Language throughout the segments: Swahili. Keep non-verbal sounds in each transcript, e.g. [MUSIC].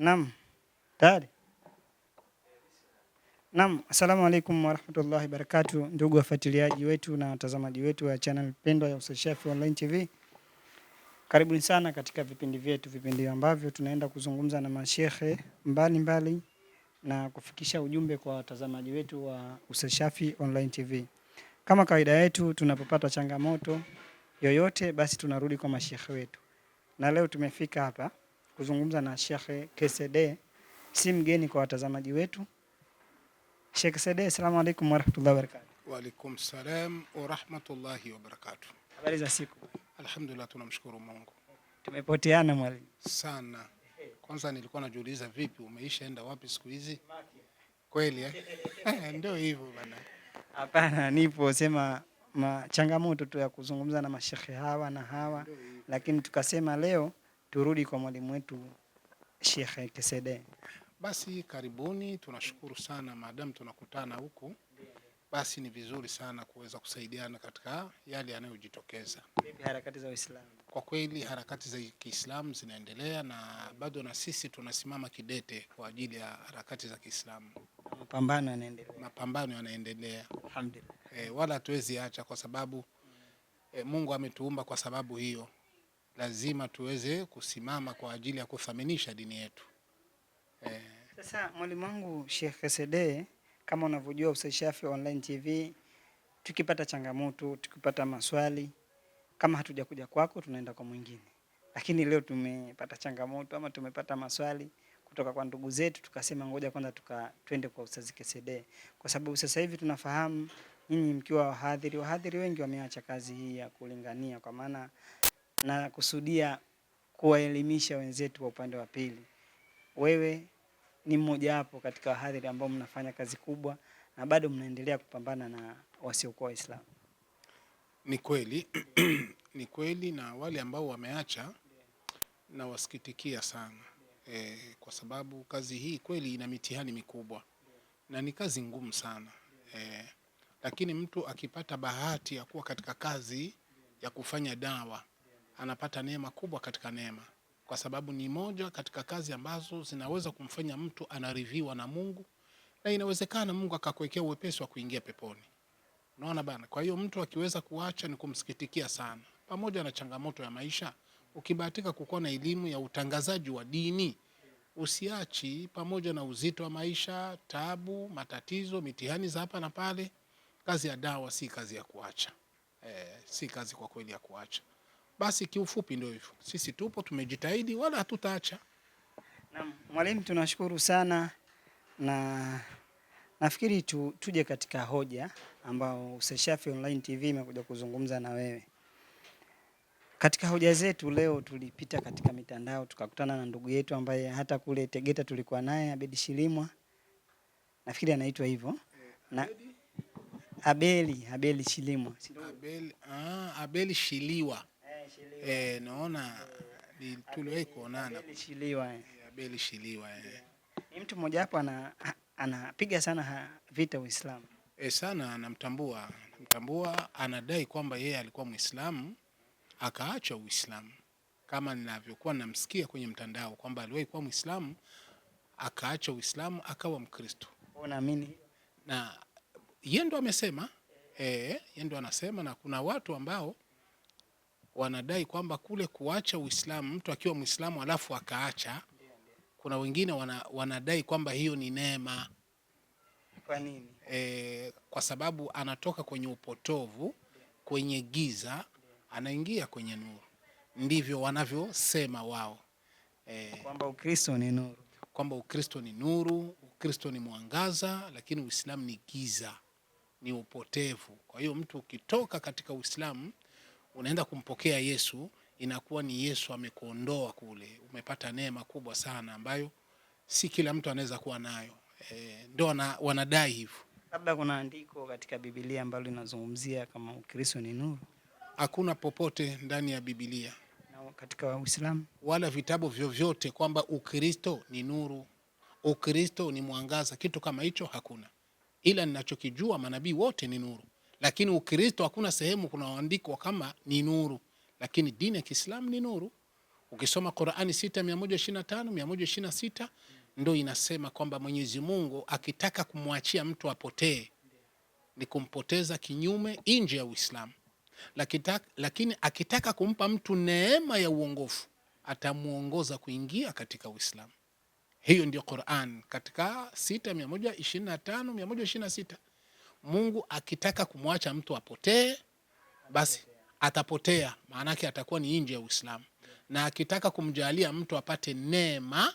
Naam, tayari. Naam, assalamu alaikum warahmatullahi wabarakatu ndugu wafuatiliaji wetu na watazamaji wetu wa channel pendwa ya Ustadh Online TV. Karibuni sana katika vipindi vyetu, vipindi ambavyo tunaenda kuzungumza na mashehe mbalimbali na kufikisha ujumbe kwa watazamaji wetu wa Ustadh Online TV. Kama kawaida yetu, tunapopata changamoto yoyote, basi tunarudi kwa mashehe wetu, na leo tumefika hapa kuzungumza na Sheikh ksd si mgeni kwa watazamaji wetu. Sheikh ksd asalamu alaykum warahmatullahi rahmatullahi Wa alaykum salam wa rahmatullahi wa barakatuh. Habari za siku? Alhamdulillah, tunamshukuru Mungu. Tumepoteana mwalimu sana. Kwanza nilikuwa najiuliza vipi, umeisha enda wapi siku hizi? Kweli eh? [LAUGHS] Ndio hivyo bana. Hapana, nipo sema changamoto tu ya kuzungumza na mashekhe hawa na hawa, lakini tukasema leo turudi kwa mwalimu wetu Sheikh Kesede. Basi karibuni, tunashukuru sana madamu tunakutana huku, basi ni vizuri sana kuweza kusaidiana katika yale yanayojitokeza. Harakati za Uislamu kwa kweli, harakati za Kiislamu zinaendelea na bado na sisi tunasimama kidete kwa ajili ya harakati za Kiislamu. Mapambano yanaendelea, mapambano yanaendelea, alhamdulillah. E, wala hatuwezi acha kwa sababu e, Mungu ametuumba kwa sababu hiyo lazima tuweze kusimama kwa ajili ya kuthaminisha dini yetu eh. Sasa mwalimu wangu Sheikh Sede, kama unavyojua Ustadh Shafii Online TV, tukipata changamoto, tukipata maswali kama hatuja kuja kwako, tunaenda kwa mwingine, lakini leo tumepata changamoto ama tumepata maswali kutoka kwa ndugu zetu, tukasema ngoja kwanza tuka twende kwa Ustadh Kesede, kwa sababu sasa hivi tunafahamu nyinyi mkiwa wahadhiri, wahadhiri wengi wameacha kazi hii ya kulingania, kwa maana na kusudia kuwaelimisha wenzetu wa upande wa pili. Wewe ni mmoja wapo katika wahadhiri ambao mnafanya kazi kubwa na bado mnaendelea kupambana na wasiokuwa Waislamu. Ni kweli [CLEARS THROAT] ni kweli, na wale ambao wameacha nawasikitikia sana e, kwa sababu kazi hii kweli ina mitihani mikubwa na ni kazi ngumu sana e, lakini mtu akipata bahati ya kuwa katika kazi ya kufanya dawa anapata neema kubwa katika neema, kwa sababu ni moja katika kazi ambazo zinaweza kumfanya mtu anaridhiwa na Mungu, na inawezekana Mungu akakuwekea uwepesi wa kuingia peponi. Unaona bana. Kwa hiyo mtu akiweza kuacha ni kumsikitikia sana, pamoja na changamoto ya maisha. Ukibahatika kukuwa na elimu ya utangazaji wa dini, usiachi, pamoja na uzito wa maisha, tabu, matatizo, mitihani za hapa na pale. Kazi ya dawa si kazi ya kuacha, eh, si kazi kwa kweli ya kuacha. Basi kiufupi ndio hivyo, sisi tupo tumejitahidi, wala hatutaacha. Naam, mwalimu, tunashukuru sana na nafikiri tu, tuje katika hoja ambao Useshafi Online TV imekuja kuzungumza na wewe. Katika hoja zetu leo tulipita katika mitandao tukakutana na ndugu yetu ambaye hata kule Tegeta tulikuwa naye Abedi Shilimwa, nafikiri anaitwa hivyo eh, na Abeli Abeli Shilimwa, Abeli, ah, Abeli Shiliwa Eh, naona tuliwahi kuonana Abeli Shiliwa. Eh. Eh. Ni mtu mmoja hapo anapiga ana sana vita Uislamu e, sana anamtambua mtambua, anadai kwamba yeye alikuwa Mwislamu akaacha Uislamu kama ninavyokuwa namsikia kwenye mtandao kwamba aliwahi kuwa Mwislamu akaacha Uislamu akawa Mkristo. Unaamini? Na yeye ndo amesema, eh, yeye ndo anasema, na kuna watu ambao wanadai kwamba kule kuacha Uislamu, mtu akiwa Muislamu alafu akaacha, kuna wengine wana, wanadai kwamba hiyo ni neema. Kwa nini? E, kwa sababu anatoka kwenye upotovu, kwenye giza, anaingia kwenye nuru. Ndivyo wanavyosema wao e, kwamba Ukristo ni nuru, kwamba Ukristo ni nuru, Ukristo ni mwangaza, lakini Uislamu ni giza, ni upotevu. Kwa hiyo mtu ukitoka katika Uislamu unaenda kumpokea Yesu, inakuwa ni Yesu amekuondoa kule, umepata neema kubwa sana ambayo si kila mtu anaweza kuwa nayo e, ndio wanadai hivyo. Labda kuna andiko katika Biblia ambalo linazungumzia kama Ukristo ni nuru? Hakuna popote ndani ya Biblia na katika Uislamu wala vitabu vyovyote kwamba Ukristo ni nuru, Ukristo ni mwangaza, kitu kama hicho hakuna, ila ninachokijua manabii wote ni nuru. Lakini Ukristo hakuna sehemu kunaoandikwa kama ni nuru, lakini dini ya Kiislamu ni nuru. Ukisoma Qurani 6 na sita ndo inasema kwamba Mwenyezi Mungu akitaka kumwachia mtu apotee ni kumpoteza kinyume nje ya Uislamu, lakini akitaka kumpa mtu neema ya uongofu atamwongoza kuingia katika Uislamu. Hiyo ndio Quran katika 6 na sita Mungu akitaka kumwacha mtu apotee, basi atapotea, maanake atakuwa ni nje ya Uislamu, na akitaka kumjalia mtu apate neema,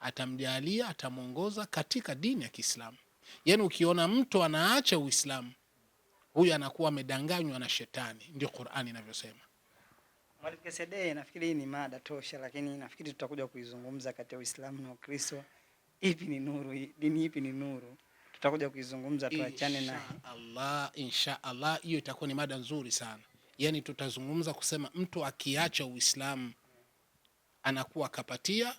atamjalia, atamwongoza katika dini ya Kiislamu. Yaani ukiona mtu anaacha Uislamu, huyu anakuwa amedanganywa na shetani, ndio Qur'ani inavyosema. nafkiri nafikiri hii ni mada tosha, lakini nafikiri tutakuja kuizungumza kati ya Uislamu na Ukristo. Ipi ni nuru? Dini ipi ni nuru? tutakuja kuizungumza, tuachane na Allah, insha Allah. Hiyo itakuwa ni mada nzuri sana, yaani tutazungumza kusema mtu akiacha Uislamu anakuwa akapatia,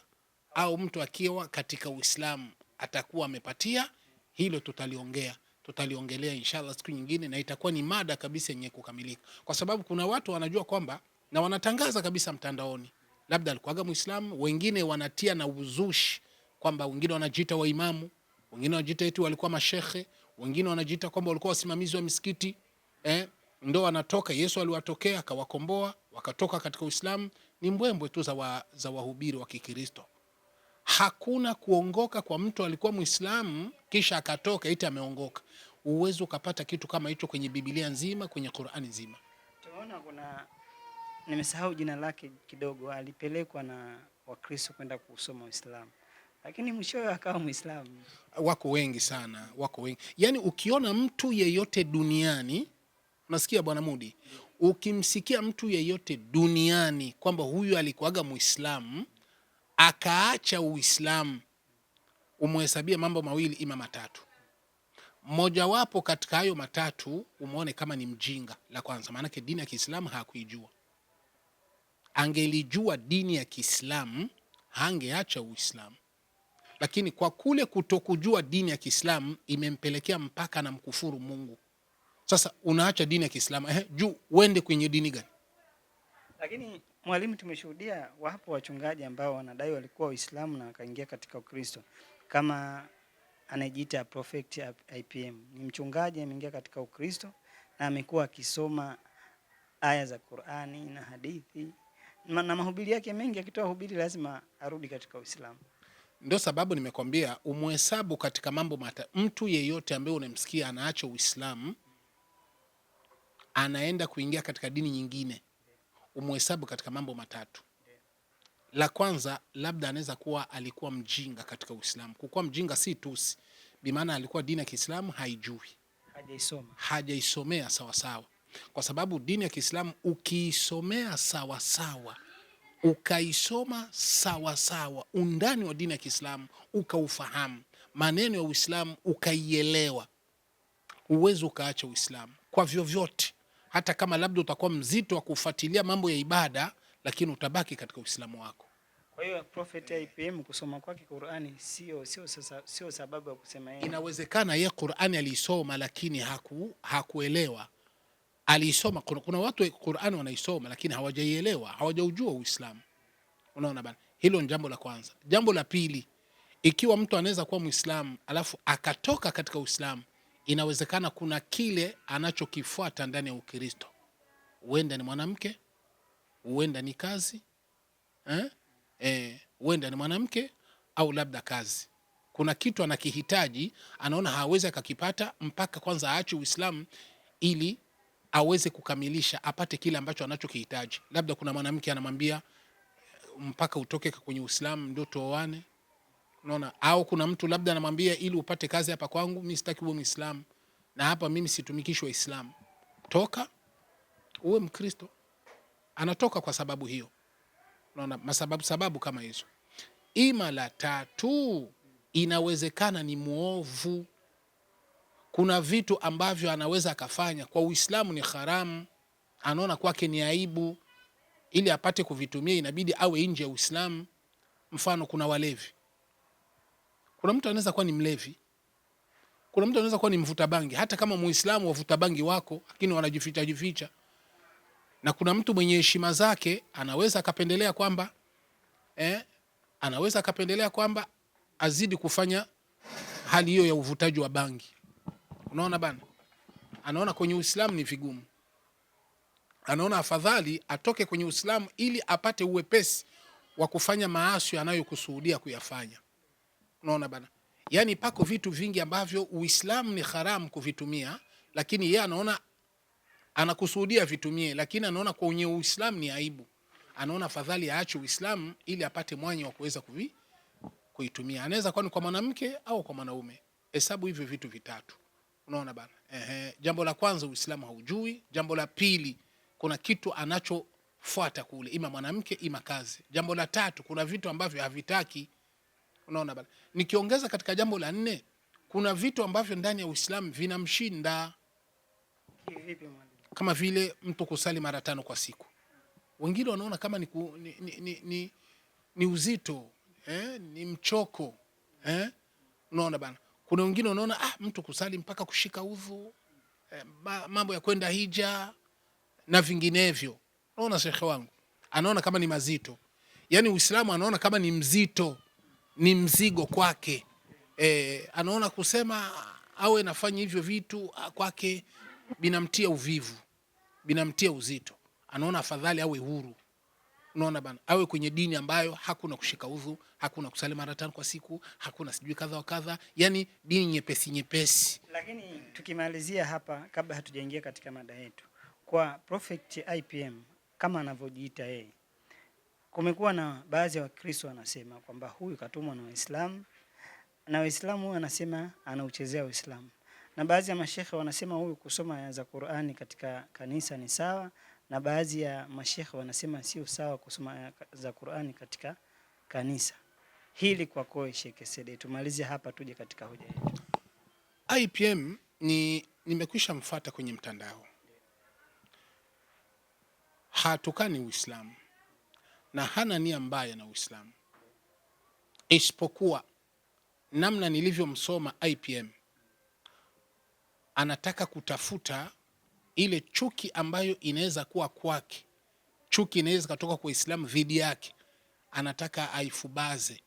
au mtu akiwa katika Uislamu atakuwa amepatia. Hilo tutaliongea tutaliongelea inshallah siku nyingine, na itakuwa ni mada kabisa yenye kukamilika, kwa sababu kuna watu wanajua kwamba na wanatangaza kabisa mtandaoni, labda alikuaga Muislamu, wengine wanatia na uzushi kwamba wengine wanajiita waimamu wengine wanajiita eti walikuwa mashehe, wengine wanajiita kwamba walikuwa wasimamizi wa misikiti eh, ndo wanatoka. Yesu aliwatokea akawakomboa, wakatoka katika Uislamu. Ni mbwembwe tu za, wa, za wahubiri wa Kikristo. Hakuna kuongoka kwa mtu alikuwa Mwislamu kisha akatoka eti ameongoka. uwezi ukapata kitu kama hicho kwenye Biblia nzima, kwenye Qurani nzima. Tumeona kuna nimesahau jina lake kidogo, alipelekwa na Wakristo kwenda kusoma Uislamu lakini mwishowe akawa Muislamu. Wako wengi sana, wako wengi yani ukiona mtu yeyote duniani, unasikia Bwana Mudi, ukimsikia mtu yeyote duniani kwamba huyu alikuwaga Muislamu akaacha Uislamu, umuhesabia mambo mawili ima matatu mmojawapo katika hayo matatu umwone kama ni mjinga. La kwanza, maanake dini ya Kiislamu hakuijua. Angelijua dini ya Kiislamu hangeacha Uislamu lakini kwa kule kutokujua dini ya Kiislamu imempelekea mpaka na mkufuru Mungu. Sasa unaacha dini ya Kiislamu eh, juu uende kwenye dini gani? Lakini mwalimu, tumeshuhudia wapo wachungaji ambao wanadai walikuwa Waislamu na wakaingia katika Ukristo, kama anayejiita Prophet IPM ni mchungaji ameingia katika Ukristo na amekuwa akisoma aya za Qur'ani na hadithi na mahubiri yake mengi, akitoa hubiri lazima arudi katika Uislamu. Ndio sababu nimekwambia umuhesabu katika mambo mata. Mtu yeyote ambaye unamsikia anaacha Uislamu anaenda kuingia katika dini nyingine, umuhesabu katika mambo matatu. La kwanza, labda anaweza kuwa alikuwa mjinga katika Uislamu. Kukuwa mjinga si tusi, bimaana alikuwa dini ya Kiislamu haijui, hajaisoma, hajaisomea sawasawa, kwa sababu dini ya Kiislamu ukiisomea sawasawa ukaisoma sawasawa sawa, undani wa dini ya Kiislamu ukaufahamu, maneno ya Uislamu ukaielewa, uwezi ukaacha Uislamu kwa vyovyote, hata kama labda utakuwa mzito wa kufuatilia mambo ya ibada, lakini utabaki katika Uislamu wako. Kwa hiyo Prophet IPM kusoma kwake Qur'ani sio sio sio sababu ya kusema yeye. Inawezekana yeye Qur'ani aliisoma lakini haku hakuelewa aliisoma. Kuna, kuna watu Qur'an wanaisoma lakini hawajaielewa, hawajaujua Uislamu. Unaona bana, hilo ni jambo la kwanza. Jambo la pili, ikiwa mtu anaweza kuwa Muislamu alafu akatoka katika Uislamu, inawezekana kuna kile anachokifuata ndani ya Ukristo. Huenda ni mwanamke, huenda ni kazi eh? Eh, huenda ni mwanamke au labda kazi. Kuna kitu anakihitaji, anaona hawezi akakipata mpaka kwanza aache Uislamu ili aweze kukamilisha, apate kile ambacho anachokihitaji. Labda kuna mwanamke anamwambia eh, mpaka utoke kwenye Uislamu ndio tuoane, unaona. Au kuna mtu labda anamwambia ili upate kazi hapa kwangu, mimi sitaki uwe Muislamu, na hapa mimi situmikishwi Waislamu, toka uwe Mkristo. Anatoka kwa sababu hiyo, unaona, masababu sababu kama hizo. Ima la tatu, inawezekana ni mwovu kuna vitu ambavyo anaweza akafanya kwa Uislamu ni haramu, anaona kwake ni aibu, ili apate kuvitumia inabidi awe nje ya Uislamu. Mfano, kuna walevi, kuna mtu anaweza kuwa ni mlevi, kuna mtu anaweza kuwa ni mvuta bangi, hata kama Muislamu wavuta bangi wako, lakini wanajificha jificha. Na kuna mtu mwenye heshima zake anaweza akapendelea kwamba eh, anaweza akapendelea kwamba azidi kufanya hali hiyo ya uvutaji wa bangi. Unaona bana, anaona kwenye Uislamu ni vigumu, anaona afadhali atoke kwenye Uislamu ili apate uwepesi wa kufanya maasi anayokusudia kuyafanya. Unaona bana, yaani pako vitu vingi ambavyo Uislamu ni haramu kuvitumia, lakini yeye anaona anakusudia vitumie, lakini anaona kwenye Uislamu ni aibu, anaona afadhali aache Uislamu ili apate mwanya wa kuweza kuitumia. Anaweza kuwa ni kwa mwanamke au kwa mwanaume. Hesabu hivyo vitu vitatu. Unaona bana, ehe. Jambo la kwanza Uislamu haujui. Jambo la pili, kuna kitu anachofuata kule, ima mwanamke ima kazi. Jambo la tatu, kuna vitu ambavyo havitaki. Unaona bana, nikiongeza katika jambo la nne, kuna vitu ambavyo ndani ya Uislamu vinamshinda kama vile mtu kusali mara tano kwa siku. Wengine wanaona kama ni, ku, ni, ni, ni, ni uzito eh, ni mchoko eh? Unaona bana kuna wengine unaona ah, mtu kusali mpaka kushika udhu eh, mambo ya kwenda hija na vinginevyo. naona shekhe wangu anaona kama ni mazito, yani Uislamu anaona kama ni mzito, ni mzigo kwake eh, anaona kusema awe nafanya hivyo vitu ah, kwake binamtia uvivu, binamtia uzito, anaona afadhali awe huru unaona bana, awe kwenye dini ambayo hakuna kushika udhu, hakuna kusali mara tano kwa siku, hakuna sijui kadha wa kadha, yani dini nyepesi nyepesi. Lakini tukimalizia hapa, kabla hatujaingia katika mada yetu, kwa Prophet IPM kama anavyojiita yeye, kumekuwa na baadhi ya Wakristo wanasema kwamba huyu katumwa na Waislamu na Waislamu huyu anasema anauchezea Uislamu, na baadhi ya mashehe wanasema huyu kusoma aya za Qur'ani katika kanisa ni sawa na baadhi ya mashekhe wanasema sio sawa kusoma za Qur'ani katika kanisa. Hili kwa kweli, Sheikh Sede, tumalize hapa tuje katika hoja yetu. IPM ni nimekwisha mfata kwenye mtandao, hatukani Uislamu na hana nia mbaya na Uislamu, isipokuwa namna nilivyomsoma IPM anataka kutafuta ile chuki ambayo inaweza kuwa kwake, chuki inaweza ikatoka kwa Uislamu dhidi yake, anataka aifubaze,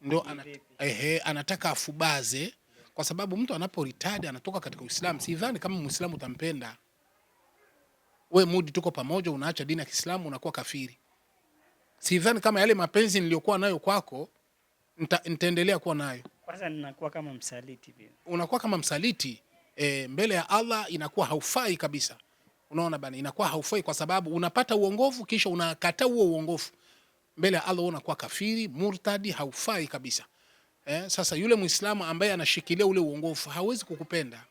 ndio anataka, ehe, anataka afubaze, kwa sababu mtu anapo ritadi anatoka katika Uislamu, sidhani kama Muislamu utampenda we mudi, tuko pamoja, unaacha dini ya Kiislamu unakuwa kafiri. Sidhani kama yale mapenzi niliyokuwa nayo kwako nitaendelea kuwa nayo. Kwanza ninakuwa kama msaliti vile, unakuwa kama msaliti e, mbele ya Allah inakuwa haufai kabisa. Unaona bana, inakuwa haufai kwa sababu unapata uongofu kisha unakataa huo uongofu mbele ya Allah, unakuwa kafiri murtadi, haufai kabisa. Eh, sasa yule Muislamu ambaye anashikilia ule uongofu hawezi kukupenda,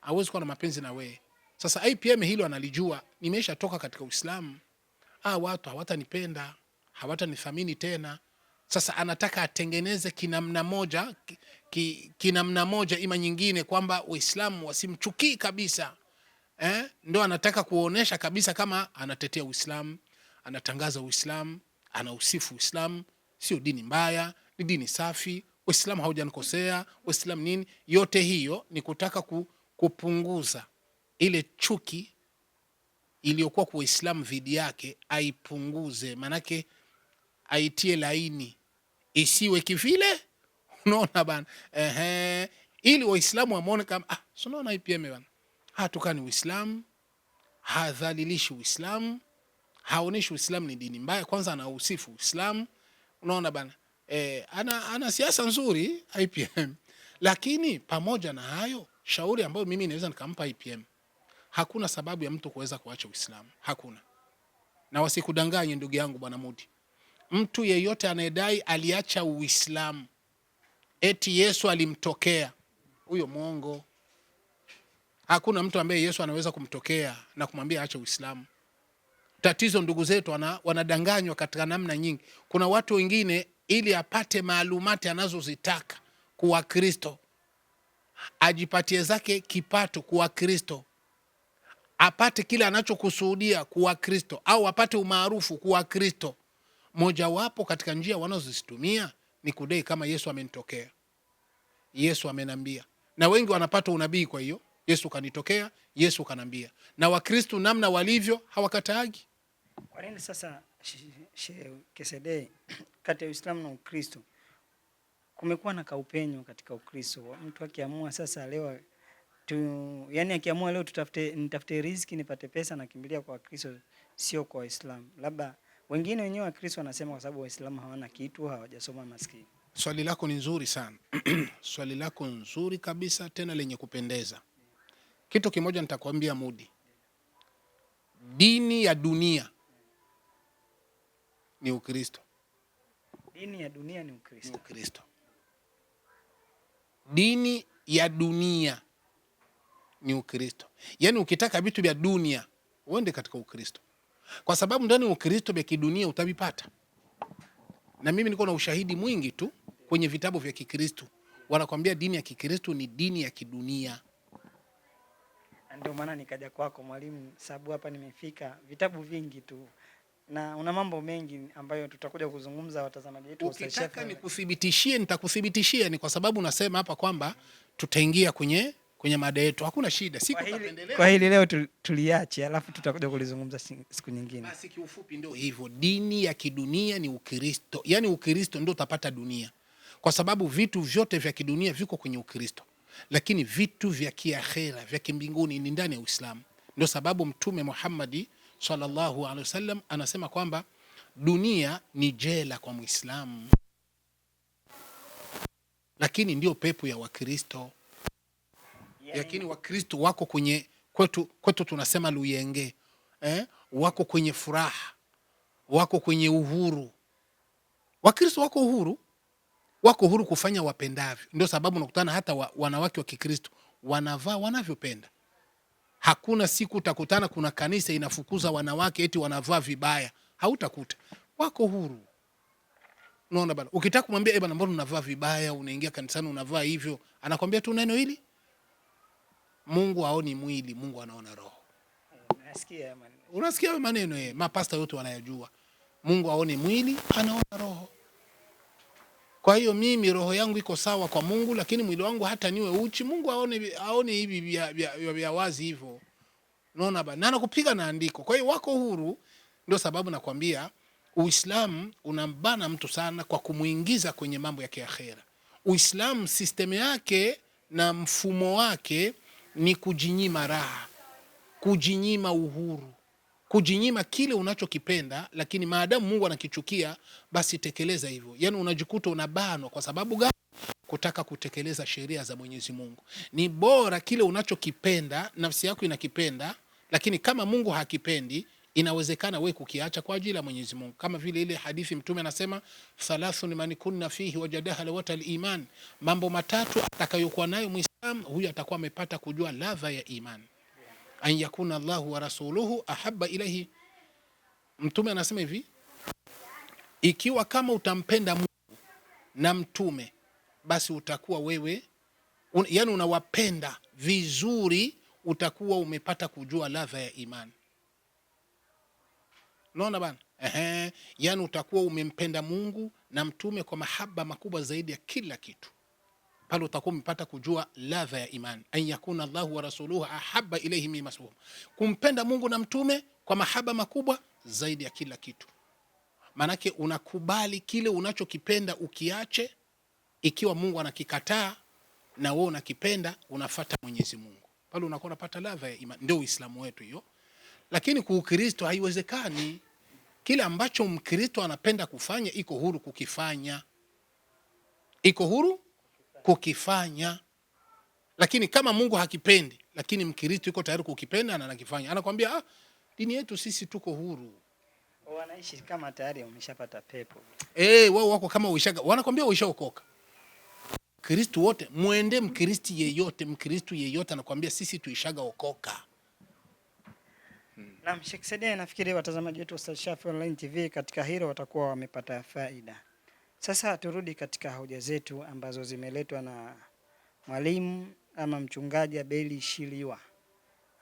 hawezi kuwa na mapenzi na wewe. Sasa IPM hilo analijua, nimeshatoka katika Uislamu, ah, watu hawatanipenda hawatanithamini tena. Sasa anataka atengeneze kinamna moja, ki, kinamna moja ima nyingine kwamba uislamu wasimchukii kabisa eh? Ndo anataka kuonyesha kabisa kama anatetea Uislamu, anatangaza Uislamu, anausifu Uislamu. Sio dini mbaya, ni dini safi, Waislamu haujanikosea, uislamu nini. Yote hiyo ni kutaka ku, kupunguza ile chuki iliyokuwa kwa dhidi yake, aipunguze maanake aitie laini isiwe kivile. [LAUGHS] Unaona bana, ehe, ili Waislamu wamwone kama ah, sunaona IPM bana, hatukani ah, Uislamu, hadhalilishi Uislamu, haonyeshi Uislamu ni dini mbaya. Kwanza anausifu Uislamu, unaona bana e, ana, ana siasa nzuri IPM. Lakini pamoja na hayo, shauri ambayo mimi naweza nikampa IPM, hakuna sababu ya mtu kuweza kuacha Uislamu, hakuna na wasikudanganye ndugu yangu bwana Mudi mtu yeyote anayedai aliacha Uislamu eti Yesu alimtokea, huyo mwongo. Hakuna mtu ambaye Yesu anaweza kumtokea na kumwambia aache Uislamu. Tatizo ndugu zetu wana, wanadanganywa katika namna nyingi. Kuna watu wengine ili apate maalumati anazozitaka kuwa Kristo, ajipatie zake kipato kuwa Kristo, apate kile anachokusudia kuwa Kristo, au apate umaarufu kuwa Kristo, mojawapo katika njia wanazozitumia ni kudai kama Yesu amenitokea, Yesu amenambia, na wengi wanapata unabii. Kwa hiyo Yesu kanitokea, Yesu kanambia. Na wakristu namna walivyo hawakataagi. Kwa nini sasa kesede [CLEARS THROAT] kati ya Uislamu na Ukristo kumekuwa na kaupenyo katika Ukristo? Mtu akiamua sasa leo tu, yani akiamua leo tutafute, nitafute riziki nipate pesa, nakimbilia kwa Wakristo, sio kwa Waislamu labda wengine wenyewe Wakristo wanasema kwa sababu Waislamu hawana kitu, hawajasoma maskini. Swali lako ni nzuri sana [CLEARS THROAT] swali lako nzuri kabisa, tena lenye kupendeza. Kitu kimoja nitakwambia, Mudi, dini ya dunia ni Ukristo. Dini ya dunia ni Ukristo. Ni Ukristo. Dini ya dunia ni Ukristo, yaani ukitaka vitu vya dunia uende katika Ukristo kwa sababu ndani wa Ukristo vya kidunia utavipata, na mimi niko na ushahidi mwingi tu kwenye vitabu vya Kikristo wanakwambia dini ya Kikristo ni dini ya kidunia. Ndio maana nikaja kwako mwalimu, sababu hapa nimefika vitabu vingi tu na una mambo mengi ambayo tutakuja kuzungumza watazamaji wetu. Ukitaka nikuthibitishie, nitakuthibitishia ni kwa sababu unasema hapa kwamba tutaingia kwenye kwenye mada yetu, hakuna shida. Siku tutapendelea kwa hili leo tuliache, alafu tutakuja kulizungumza siku nyingine. Basi kiufupi, ndio hivyo, dini ya kidunia ni Ukristo, yaani Ukristo ndio utapata dunia, kwa sababu vitu vyote vya kidunia viko kwenye Ukristo, lakini vitu vya kiakhera vya kimbinguni ni ndani ya Uislamu. Ndio sababu Mtume Muhammadi sallallahu alaihi wasallam anasema kwamba dunia ni jela kwa Muislamu, lakini ndio pepo ya Wakristo. Lakini Wakristo wako kwenye kwetu, kwetu tunasema luyenge eh? Wako kwenye furaha, wako kwenye uhuru. Wakristo wako uhuru, wako uhuru kufanya wapendavyo. Ndio sababu nakutana hata wa, wanawake wa Kikristo wanavaa wanavyopenda. Hakuna siku utakutana kuna kanisa inafukuza wanawake eti wanavaa vibaya, hautakuta. Wako huru, unaona bana. Ukitaka kumwambia eh bana, mbona unavaa vibaya, unaingia kanisani unavaa hivyo, anakwambia tu neno hili Mungu haoni mwili, Mungu anaona roho. Unasikia maneno, unasikia maneno eh, mapasta yote wanayajua. Mungu haoni mwili, anaona roho. Kwa hiyo mimi roho yangu iko sawa kwa Mungu, lakini mwili wangu hata niwe uchi, Mungu aone, aone hivi vya wazi hivyo. Unaona bana, na nakupiga na andiko. Kwa hiyo wako huru, ndio sababu nakwambia Uislamu unambana mtu sana kwa kumuingiza kwenye mambo ya kiakhera. Uislamu sistemu yake na mfumo wake ni kujinyima raha, kujinyima uhuru, kujinyima kile unachokipenda, lakini maadamu Mungu anakichukia basi tekeleza hivyo. Yani unajikuta unabanwa. Kwa sababu gani? Kutaka kutekeleza sheria za Mwenyezi Mungu. Ni bora kile unachokipenda, nafsi yako inakipenda, lakini kama Mungu hakipendi inawezekana we kukiacha kwa ajili ya Mwenyezi Mungu, kama vile ile hadithi Mtume anasema thalathun man kunna fihi wajadaha lawata liman, mambo matatu atakayokuwa nayo Muislam huyu atakuwa amepata kujua ladha ya iman. An yakuna Allahu wa rasuluhu ahabba ilaihi, Mtume anasema hivi, ikiwa kama utampenda Mungu na mtume basi utakuwa wewe un, yani unawapenda vizuri, utakuwa umepata kujua ladha ya imani. Unaona bana, ehe, yani utakuwa umempenda Mungu na mtume kwa mahaba makubwa zaidi ya kila kitu. Pale utakuwa umepata kujua ladha ya imani, an yakuna Allahu wa rasuluhu ahaba ilaihi mimma siwahum, kumpenda Mungu na mtume kwa mahaba makubwa zaidi ya kila kitu. Maanake unakubali kile unachokipenda ukiache, ikiwa Mungu anakikataa na wewe unakipenda, unafata Mwenyezi Mungu, pale unakuwa unapata ladha ya imani. Ndio Uislamu wetu hiyo. Lakini kwa Ukristo haiwezekani. Kile ambacho Mkristo anapenda kufanya iko huru kukifanya, iko huru kukifanya. Lakini kama Mungu hakipendi, lakini Mkristo iko tayari kukipenda na anakifanya, anakwambia ah, dini yetu sisi tuko huru. Wanaishi kama tayari pepo eh, wao wako kama uishaga, wanakwambia uishaokoka. Kristu wote mwende Mkristi yeyote, mkristu yeyote anakwambia sisi tuishaga okoka Naam, Sheikh Sadia, nafikiri watazamaji wetu wa Ustadh Online TV katika hilo watakuwa wamepata faida. Sasa turudi katika hoja zetu ambazo zimeletwa na mwalimu ama mchungaji Abeli Shiliwa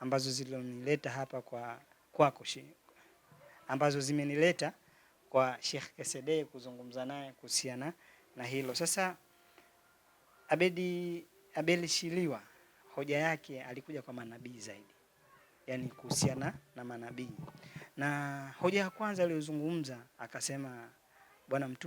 ambazo zilionileta hapa kwa kwako ambazo zimenileta kwa Sheikh Kesede kuzungumza naye kuhusiana na hilo. Sasa Abedi Abeli Shiliwa hoja yake alikuja kwa manabii zaidi yani kuhusiana na manabii. Na hoja ya kwanza aliyozungumza akasema Bwana Mtume